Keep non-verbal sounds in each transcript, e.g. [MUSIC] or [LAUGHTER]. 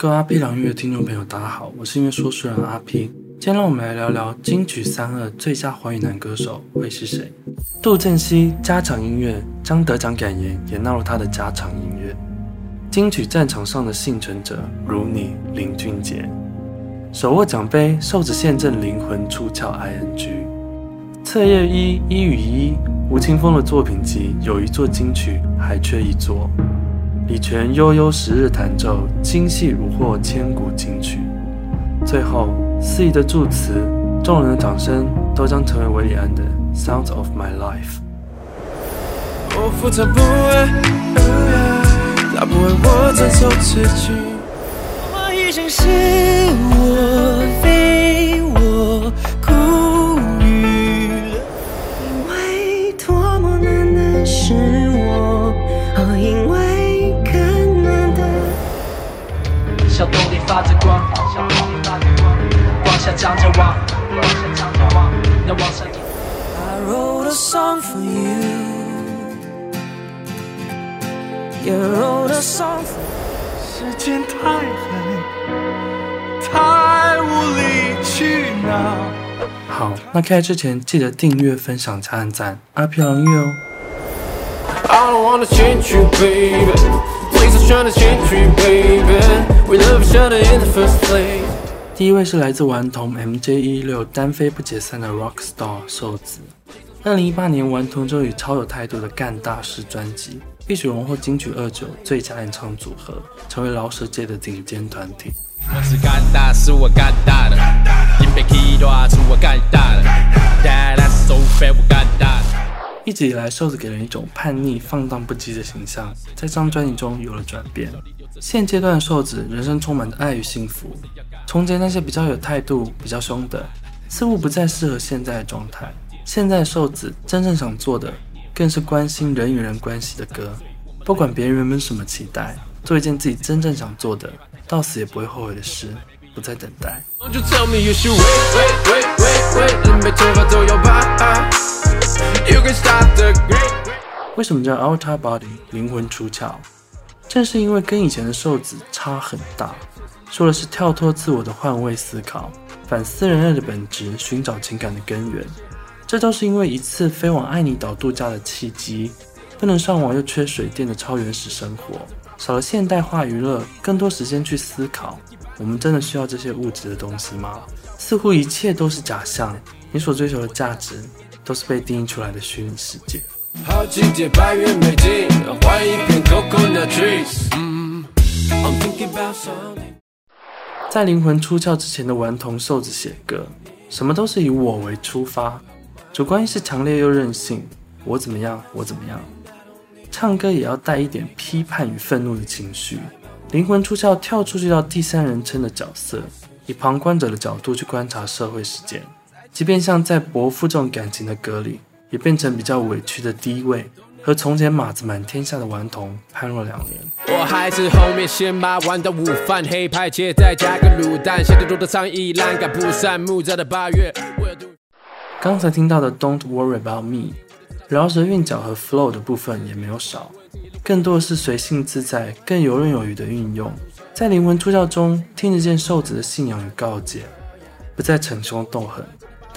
各位阿 P 聊音樂聽眾朋友，大家好，我是音樂說書人阿 P。今天讓我們來聊聊金曲三二最佳華語男歌手會是誰？杜振熙家常音樂將得獎感言也納入他的家常音樂。金曲戰場上的幸存者如你，林俊傑手握獎杯，瘦子陷陣靈魂出竅。I N G。冊葉》（一一與一，吳青峰的作品集有一座金曲，還缺一座。李泉悠悠十日彈奏，精細如獲千古金曲。最後，肆意的祝詞，眾人的掌聲，都將成為韋禮安的 Sound of My Life。我你太無理取鬧好，那開拍之前記得訂閱、分享加按讚、讚，阿 P 狼玉哦。第一位是來自頑童 MJ116 單飛不解散的 Rockstar 瘦子。2018年，頑童就以超有態度的幹大事專輯一曲榮獲金曲二九最佳演唱組合，成為饒舌界的頂尖團體。我一直以來，瘦子給人一種叛逆、放蕩不羈的形象，在這張專輯中有了轉變。現階段的瘦子，人生充滿愛與幸福。從前那些比較有態度、比較兇的，似乎不再適合現在的狀態。現在的瘦子真正想做的，更是關心人與人關係的歌。不管別人原本什麼期待，做一件自己真正想做的，到死也不會後悔的事。不再等待。被 You can start the 為什麼叫 Outta Body 靈魂出竅？正是因為跟以前的瘦子差很大。說的是跳脫自我的換位思考，反思人類的本質，尋找情感的根源。這都是因為一次飛往愛妮島度假的契機。不能上網又缺水電的超原始生活，少了現代化娛樂，更多時間去思考：我們真的需要這些物質的東西嗎？似乎一切都是假象。你所追求的價值。都是被定義出來的虛擬世界。在靈魂出竅之前的頑童瘦子寫歌，什麼都是以我為出發，主觀意識強烈又任性我，我怎麼樣我怎麼樣。唱歌也要帶一點批判與憤怒的情緒。靈魂出竅，跳出去到第三人稱的角色，以旁觀者的角度去觀察社會事件。即便像在伯父這種感情的歌裡，也變成比較委屈的低位，和從前馬子滿天下的頑童判若兩人。我還是後面先扒完的午飯，黑派接着加個滷蛋，夏天做的桑葉爛，趕不散木柵的八月。剛才聽到的 Don't worry about me，饒舌韻腳和 flow 的部分也沒有少，更多的是隨性自在，更游刃有餘的運用。在靈魂出竅中，聽得見瘦子的信仰與告誡，不再逞凶鬥狠。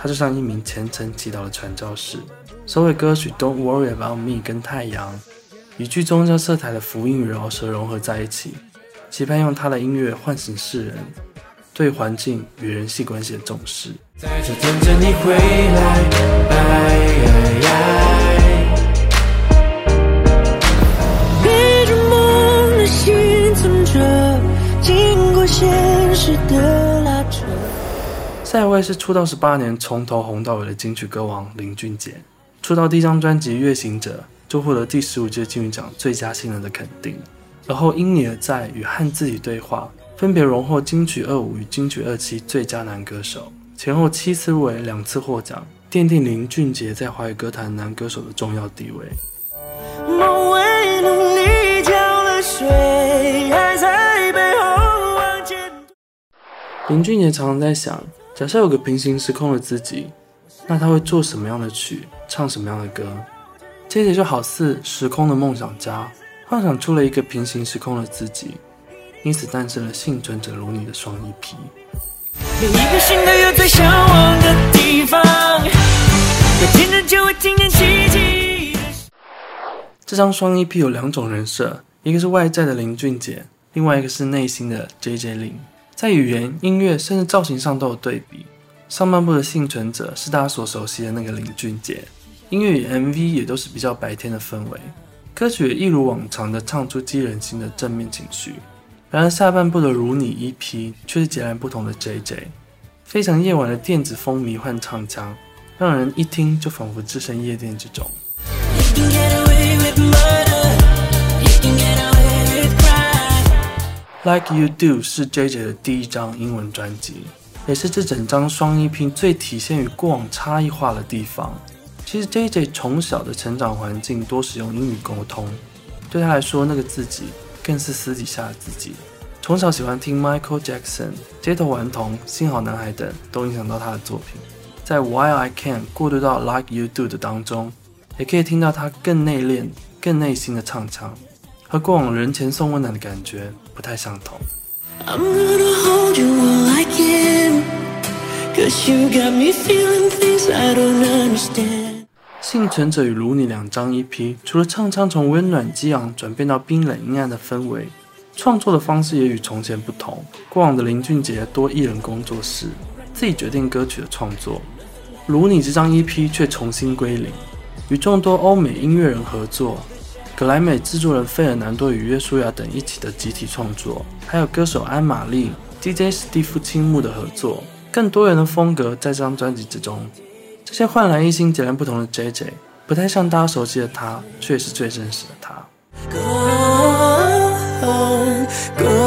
他就像一名虔誠祈禱的傳教士，所有歌曲《Don't Worry About Me》跟太陽，以具宗教色彩的福音與饒舌融合在一起，期盼用他的音樂喚醒世人對環境與人際關係的重視。下一位是出道十八年從頭紅到尾的金曲歌王林俊杰，出道第一張專輯《樂行者》就獲得第十五屆金曲獎最佳新人的肯定，而後《因你而在》與《和自己對話》分別榮获金曲二五與金曲二七最佳男歌手，前後七次入圍，兩次获獎，奠定林俊杰在華語歌坛男歌手的重要地位。夢為努力澆了水，愛在背後往前推。林俊杰常常在想。假設有個平行時空的自己，那他會做什麼樣的曲，唱什麼樣的歌？J J 就好似時空的夢想家，幻想出了一個平行時空的自己，因此誕生了幸存者如你的雙 EP。每一顆心都有最嚮往的地方，天真就會聽見奇蹟。這張雙 EP 有兩種人設，一個是外在的林俊杰，另外一個是內心的 J J Lin。在語言、音樂甚至造型上都有對比。上半部的倖存者是大家所熟悉的那個林俊傑，音樂與 MV 也都是比較白天的氛圍，歌曲也一如往常的唱出激人心的正面情緒。然而下半部的如你 EP 卻是截然不同的 JJ，非常夜晚的電子風迷幻唱腔，讓人一聽就仿佛置身夜店之中。Like You Do 是 JJ 的第一張英文專輯，也是這整張雙一拼最體現與過往差異化的地方。其實 JJ 從小的成長環境多使用英語溝通，對他來說，那個自己更是私底下的自己。從小喜歡聽 Michael Jackson、街頭頑童、新好男孩等，都影響到他的作品。在 Why I Can 過渡到 Like You Do 的當中，也可以聽到他更內斂、更內心的唱腔，和過往人前送溫暖的感覺不太相同。倖存者與如你兩張 EP，除了唱腔從溫暖激昂轉變到冰冷陰暗的氛圍，創作的方式也與從前不同。過往的林俊杰多以一人工作室，自己決定歌曲的創作，如你這張 EP 卻重新歸零，與眾多歐美音樂人合作。格萊美製作人費爾南多與約書亞等一起的集體創作，還有歌手安瑪麗、DJ [MUSIC] 史蒂夫青木的合作，更多元的風格在這張專輯之中。這些煥然一新、截然不同的 JJ，不太像大家熟悉的他，卻也是最真實的他。嗯嗯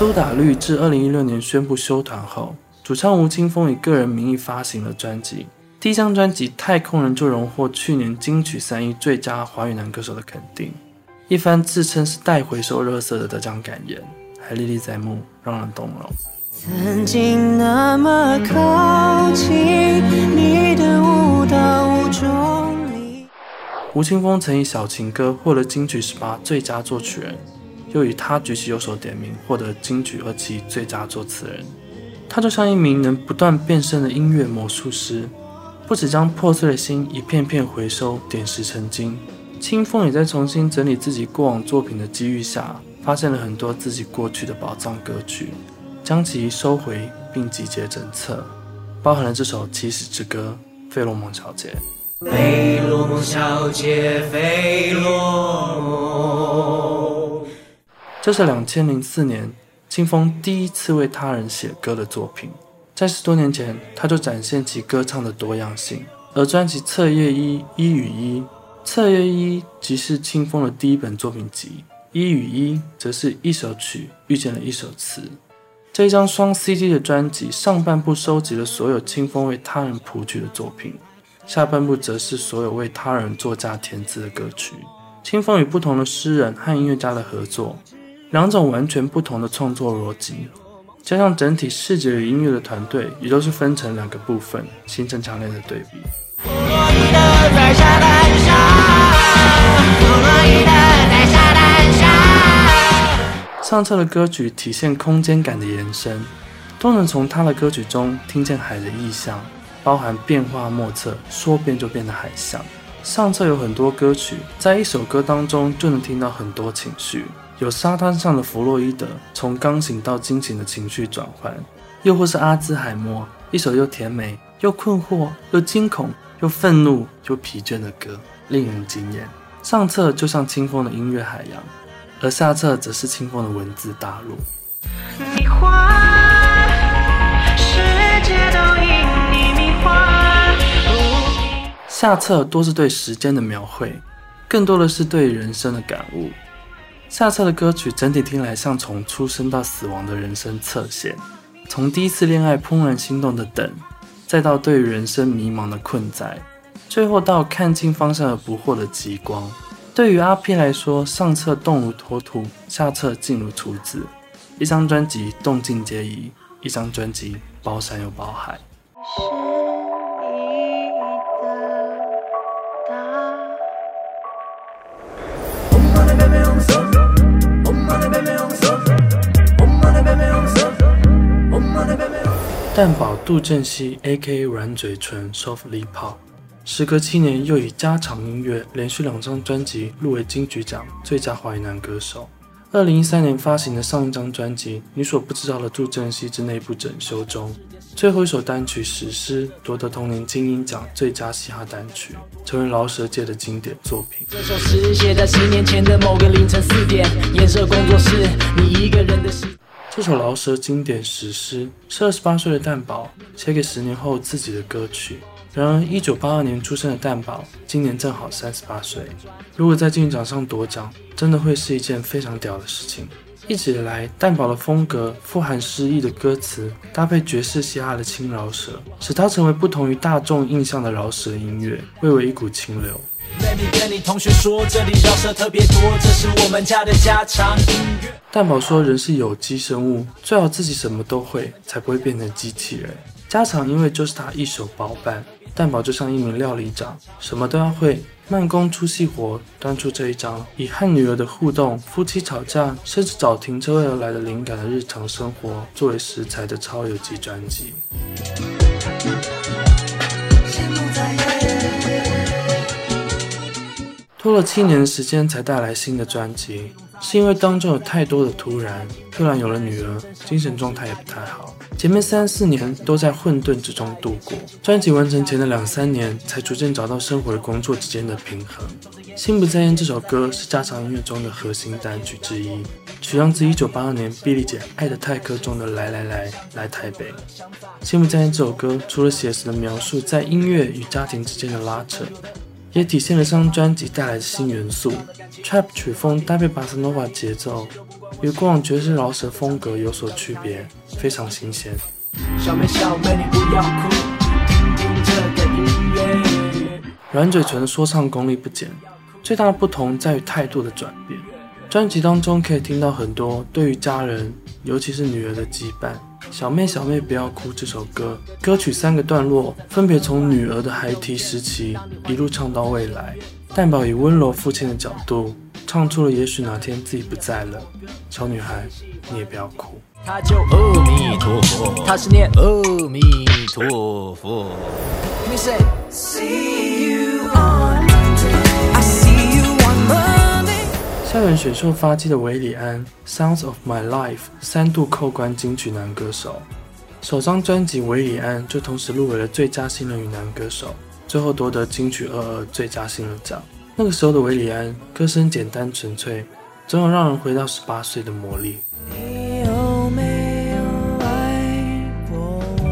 蘇打綠自二零一六年宣布休團後，主唱吳青峰以個人名義發行了專輯。第一張專輯《太空人》就榮獲去年金曲三一最佳華語男歌手的肯定。一番自稱是“待回收垃圾”的得獎感言還歷歷在目，讓人動容。曾經那麼靠近你的舞蹈，無重力。吳青峰曾以《小情歌》獲得金曲十八最佳作曲人。又以他舉起右手點名，獲得金曲27最佳作詞人。他就像一名能不斷變身的音樂魔術師，不只將破碎的心一片片回收，點石成金。青峰也在重新整理自己過往作品的機遇下，發現了很多自己過去的寶藏歌曲，將其收回並集結整冊，包含了這首《起始之歌》《費洛蒙小姐》。費洛蒙小姐，費洛蒙。這是兩千零四年，青峰第一次為他人寫歌的作品。在十多年前，他就展現其歌唱的多樣性。而專輯《冊葉一一與一》，《冊葉一》即是青峰的第一本作品集，《一與一》則是一首曲遇見了一首詞。這一張雙 CD 的專輯，上半部收集了所有青峰為他人譜曲的作品，下半部則是所有為他人作家填詞的歌曲。青峰與不同的詩人和音樂家的合作。兩種完全不同的創作邏輯，加上整體視覺與音樂的團隊，也都是分成兩個部分，形成強烈的對比。不落地的在沙灘上，上冊的歌曲體現空間感的延伸，都能從他的歌曲中聽見海的意象，包含變化莫測、說變就變的海象。上冊有很多歌曲，在一首歌當中就能聽到很多情緒。有沙灘上的弗洛伊德從鋼琴到驚醒的情緒轉換，又或是阿茲海默一首又甜美又困惑又驚恐又憤怒又疲倦的歌，令人驚艷。上冊就像青峰的音樂海洋，而下冊則是青峰的文字大陸。迷幻，世界都因你迷幻。下冊多是對時間的描繪，更多的是對人生的感悟。下冊的歌曲整體聽來像從出生到死亡的人生側寫，從第一次戀愛怦然心動的等，再到對於人生迷茫的困在，最後到看清方向而不惑的極光。對於阿 P 來說，上冊動如脫兔，下冊靜如處子，一張專輯動靜皆宜，一張專輯包山又包海。蛋堡杜振熙 （AKA 軟嘴唇，Soft Lipa） 時隔七年又以家常音樂連續兩張專輯入圍金曲獎最佳華語男歌手。二零一三年發行的上一張專輯《你所不知道的杜振熙之內部整修》中，最後一首單曲《史詩》奪得同年金音獎最佳嘻哈單曲，成為饒舌界的經典作品。這首詩寫在十年前的某個凌晨四點，顏色工作室，你一個人的時。這首饒舌經典史詩是二十八歲的蛋堡寫給十年後自己的歌曲。然而，一九八二年出生的蛋堡今年正好三十八歲。如果在競技場上奪獎，真的會是一件非常屌的事情。一直以來，蛋堡的風格富含詩意的歌詞，搭配爵士嘻哈的輕饒舌，使他成為不同於大眾印象的饒舌音樂，蔚為一股清流。 [MUSIC] 蛋堡說：“人是有機生物，最好自己什麼都會，才不會變成機器人。”家常因為就是他一手包辦，蛋堡就像一名料理長，什麼都要會，慢工出細活，端出這一張，以和女兒的互動、夫妻吵架，甚至找停車位而來的靈感的日常生活，作為食材的超有機專輯。拖了七年的時間才帶來新的專輯，是因為當中有太多的突然，突然有了女兒，精神狀態也不太好。前面三四年都在混沌之中度過，專輯完成前的兩三年才逐漸找到生活與工作之間的平衡。心不在焉這首歌是家常音樂中的核心單曲之一，取樣自1982年比莉姐《愛的泰克》中的“來來來來,來台北”。心不在焉這首歌除了寫實的描述在音樂與家庭之間的拉扯。也體現了這張專輯帶來的新元素，Trap 曲風搭配巴斯諾瓦節奏，與過往爵士饒舌風格有所區別，非常新鮮。小妹小妹，你不要哭，聽聽這個音樂。軟嘴唇的說唱功力不減，最大的不同在於態度的轉變。專輯當中可以聽到很多對於家人，尤其是女兒的羈絆。小妹，小妹，不要哭。這首歌歌曲三個段落，分別從女兒的孩提時期一路唱到未來。蛋堡以溫柔父親的角度，唱出了也許哪天自己不在了，小女孩，你也不要哭。他就阿、哦、彌陀佛，他是念阿、哦、彌陀佛。校園選秀發跡的韋禮安，《Sounds of My Life》三度扣關金曲男歌手，首張專輯韋禮安就同時入圍了最佳新人與男歌手，最後奪得金曲二二最佳新人獎。那個時候的韋禮安，歌聲簡單純粹，總有讓人回到十八歲的魔力。沒有，沒有愛過我。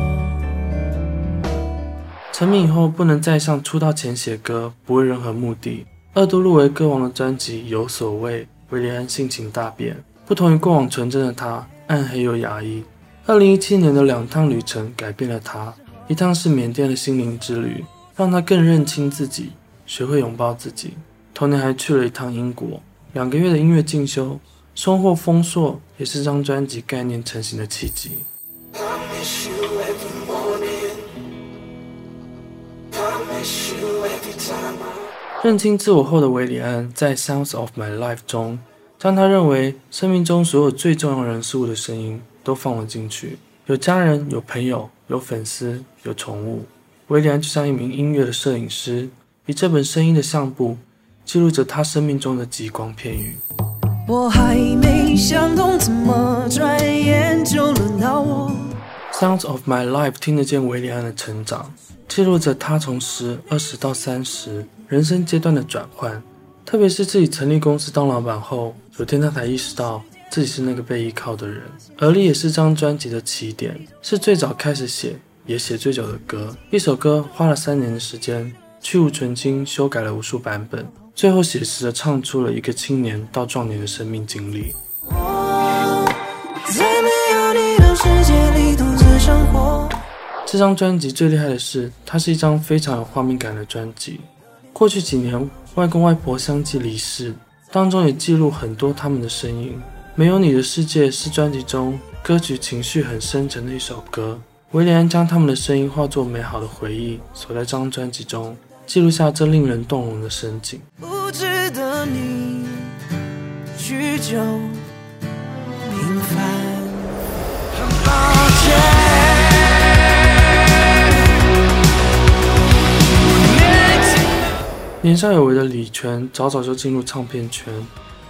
成名以後，不能再像出道前寫歌，不為任何目的。二度入圍歌王的專輯有所畏，韋禮安性情大變，不同於過往純真的他，暗黑又壓抑。二零一七年的兩趟旅程改變了他，一趟是緬甸的心靈之旅，讓他更認清自己，學會擁抱自己。同年還去了一趟英國，兩個月的音樂進修收穫豐碩，也是這張專輯概念成型的契機。認清自我後的韋禮安，在《Sounds of My Life》中，將他認為生命中所有最重要人事物的聲音都放了進去。有家人，有朋友，有粉絲，有寵物。韋禮安就像一名音樂的攝影師，以這本聲音的相簿，記錄着他生命中的吉光片羽。我還沒想通，怎麼轉眼就輪到我。《Sounds of My Life》聽得見韋禮安的成長，記錄着他從十、二十到三十。人生階段的轉換，特別是自己成立公司當老闆後，有天他才意識到自己是那個被依靠的人。而你也是一張專輯的起點，是最早開始寫，也寫最久的歌。一首歌花了三年的時間，去蕪存菁，修改了無數版本，最後寫實的唱出了一個青年到壯年的生命經歷。我在沒有你的世界裡獨自生活。這張專輯最厲害的是，它是一張非常有畫面感的專輯。過去幾年，外公外婆相繼離世，當中也記錄很多他們的聲音。沒有你的世界是專輯中歌曲情緒很深沉的一首歌。韋禮安將他們的聲音化作美好的回憶，鎖在這張專輯中，記錄下這令人動容的深景。不值得你尋求平凡。平凡年少有為的李泉早早就進入唱片圈，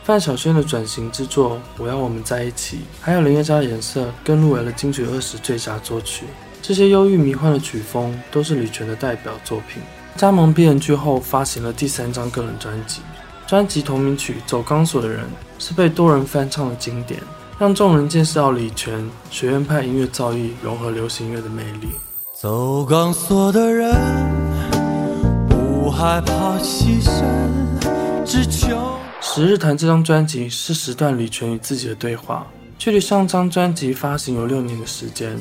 范曉萱的轉型之作《我要我們在一起》，還有林宥嘉的《顏色》更入圍了金曲二十最佳作曲。這些憂鬱迷幻的曲風都是李泉的代表作品。加盟 BMG 後，發行了第三張個人專輯，專輯同名曲《走鋼索的人》是被多人翻唱的經典，讓眾人見識到李泉學院派音樂造詣融合流行音樂的魅力。走鋼索的人。害怕犧牲，只求。十日談這張專輯是十段李泉與自己的對話。距離上張專輯發行有六年的時間，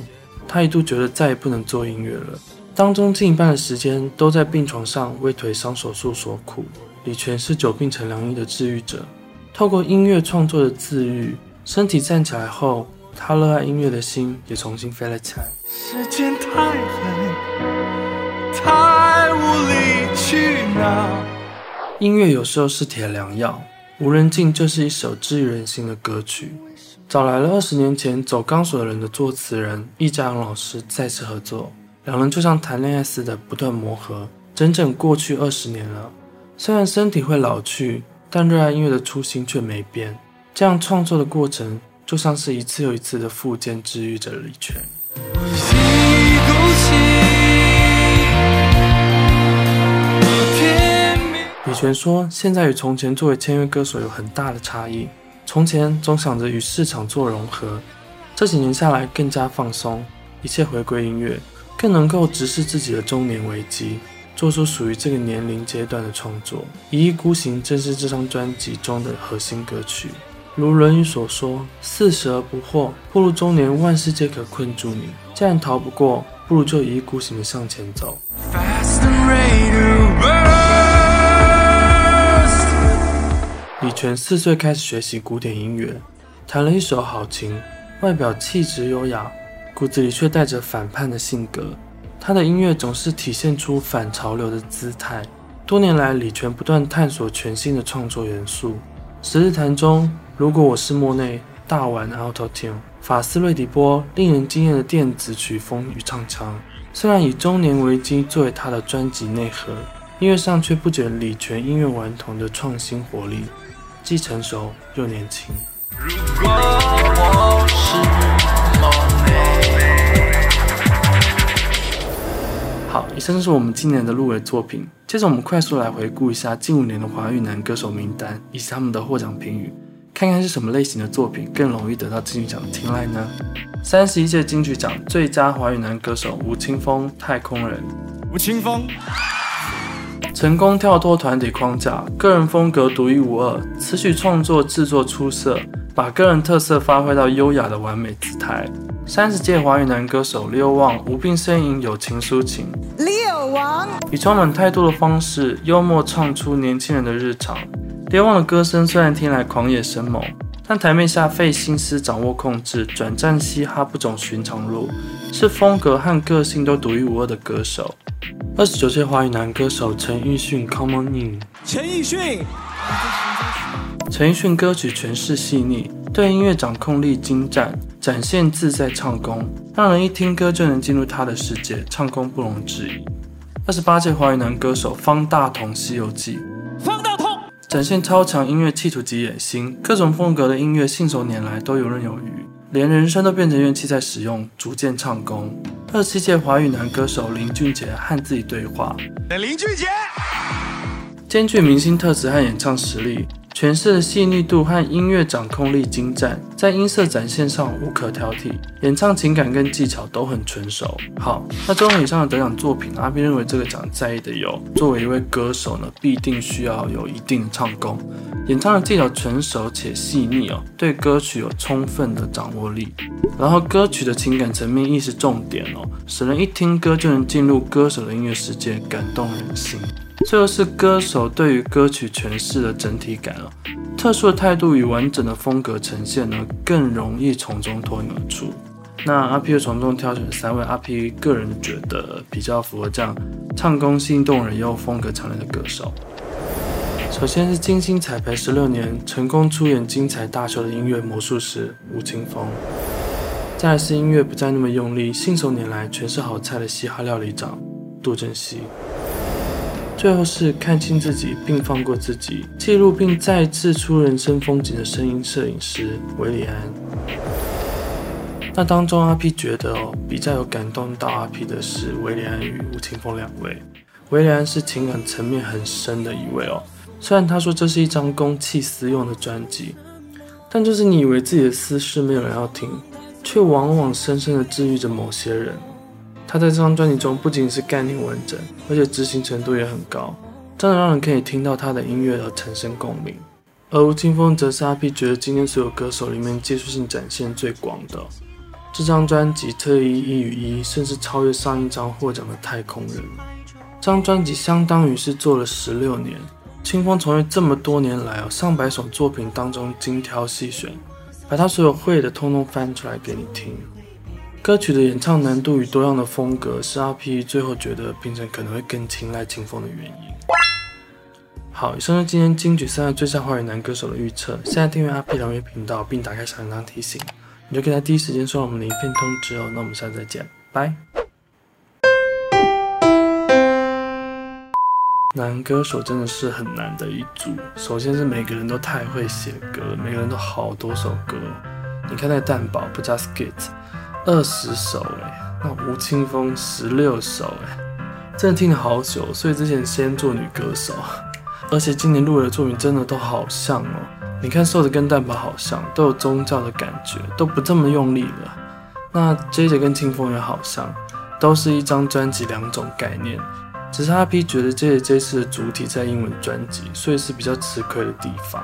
他一度覺得再也不能做音樂了。當中近一半的時間都在病床上為腿傷手術所苦。李泉是久病成良醫的治癒者，透過音樂創作的治癒，身體站起來後，他熱愛音樂的心也重新飛了起來。時間太狠，太無力。去哪音樂有時候是鐵良藥，無人境就是一首治癒人心的歌曲，找來了二十年前走鋼索的人的作詞人易家揚老師再次合作，兩人就像談戀愛似的不斷磨合。整整過去二十年了，雖然身體會老去，但熱愛音樂的初心卻沒變。這樣創作的過程就像是一次又一次的復健，治癒着李泉。 [MUSIC] 全說，現在與從前作為簽約歌手有很大的差異。從前總想着與市場做融合，這幾年下來更加放鬆，一切回歸音樂，更能夠直視自己的中年危機，做出屬於這個年齡階段的創作。一意孤行正是這張專輯中的核心歌曲。如《論語》所說：“四十而不惑，步入中年，萬事皆可困住你。既然逃不過，不如就一意孤行地向前走。”李泉四歲開始學習古典音樂，彈了一手好琴，外表氣質優雅，骨子裡卻帶着反叛的性格。他的音樂總是體現出反潮流的姿態。多年來，李泉不斷探索全新的創作元素。《十日談》中，如果我是莫內，大玩 Autotune，法斯瑞迪波令人驚豔的電子曲風與唱腔，雖然以中年危機作為他的專輯內核，音樂上卻不減李泉音樂頑童的創新活力。既成熟又年輕。好，以上就是我們今年的入圍作品。接着，我們快速來回顧一下近五年的華語男歌手名單以及他們的獲獎評語，看看是什麼類型的作品更容易得到金曲獎的青睞呢？三十一屆金曲獎最佳華語男歌手吳青峰，《太空人》。吳青峰。成功跳脫團體框架，個人風格獨一無二。詞曲創作制作出色，把個人特色發揮到優雅的完美姿態。三十屆華語男歌手 Leo 王無病呻吟友情抒情，Leo 王以充滿態度的方式幽默唱出年輕人的日常。Leo 王的歌聲雖然聽來狂野生猛，但台面下費心思掌握控制，轉戰嘻哈不走尋常路。是風格和個性都獨一無二的歌手。二十九屆華語男歌手陳奕迅，Come on in。陳奕迅，陳奕迅歌曲詮釋細膩，對音樂掌控力精湛，展現自在唱功，讓人一聽歌就能進入他的世界，唱功不容置疑。二十八屆華語男歌手方大同，《西遊記》。方大同，展現超強音樂企圖及野心，各種風格的音樂信手拈來，都游刃有餘。連人聲都變成樂器在使用，逐漸唱功。二十七屆華語男歌手林俊傑，和自己對話。林俊傑兼具明星特質和演唱實力。詮釋的細膩度和音樂掌控力精湛，在音色展現上無可挑剔，演唱情感跟技巧都很純熟。好，那綜合以上的得獎作品，阿 P 認為這個獎在意的有：作為一位歌手呢，必定需要有一定的唱功，演唱的技巧純熟且細膩哦，對歌曲有充分的掌握力，然後歌曲的情感層面亦是重點哦，使人一聽歌就能進入歌手的音樂世界，感動人心。這就是歌手對於歌曲詮釋的整體感、特殊態度與完整的風格呈現呢，更容易從中脫穎而出。那阿 P 又從中挑選了三位，阿 P 個人覺得比較符合這樣唱功心動人又風格強烈的歌手。首先是精心彩排十六年，成功出演精彩大秀的音樂魔術師吳青峰，再來是音樂不再那麼用力，信手拈來全是好菜的嘻哈料理長杜振熙。最後是看清自己並放過自己，記錄並再次出人生風景的聲音攝影師韋禮安。那當中，阿 P 覺得哦，比較有感動到阿 P 的是韋禮安與吳青峰兩位。韋禮安是情感層面很深的一位哦，雖然他說這是一張公器私用的專輯，但就是你以為自己的私事沒有人要聽，卻往往深深的治癒着某些人。他在這張專輯中不僅是概念完整，而且執行程度也很高，真的讓人可以聽到他的音樂而產生共鳴。而吳青峰則是阿 P 覺得今天所有歌手裡面技術性展現最廣的。這張專輯《特意一與一》甚至超越上一張獲獎的《太空人》。這張專輯相當於是做了十六年，青峰從業這麼多年來哦，上百首作品當中精挑細細選，把他所有會的通通翻出來給你聽。歌曲的演唱難度與多樣的風格是阿 P 最後覺得評審可能會更青睞青峰的原因。好，以上是今天金曲32的最佳華語男歌手的預測。現在訂閱阿 P 音樂頻道並打開小鈴鐺提醒，你就可以在第一時間收到我們的影片通知哦。那我們下次再見，拜。男歌手真的是很難的一組。首先是每個人都太會寫歌，每個人都好多首歌。你看那個蛋堡，不加 skit。二十首哎、欸，那吳青峰十六首哎、欸，真的聽了好久，所以之前先做女歌手，而且今年錄的作品真的都好像哦。你看瘦子跟蛋堡好像，都有宗教的感覺，都不這麼用力了。那 J J 跟青峰也好像，都是一張專輯兩種概念。只是阿 P 覺得 J J 這次的主體在英文專輯，所以是比較吃虧的地方。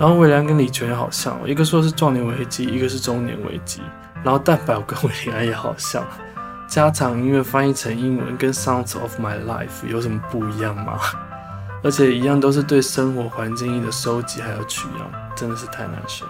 然後韋禮安跟李泉也好像，哦，一個說是壯年危機，一個是中年危機。然後蛋堡跟韋禮安也好像，家常音樂翻譯成英文跟 Sounds of My Life 有什麼不一樣嗎？而且一樣都是對生活環境音的收集還有取樣，真的是太難選。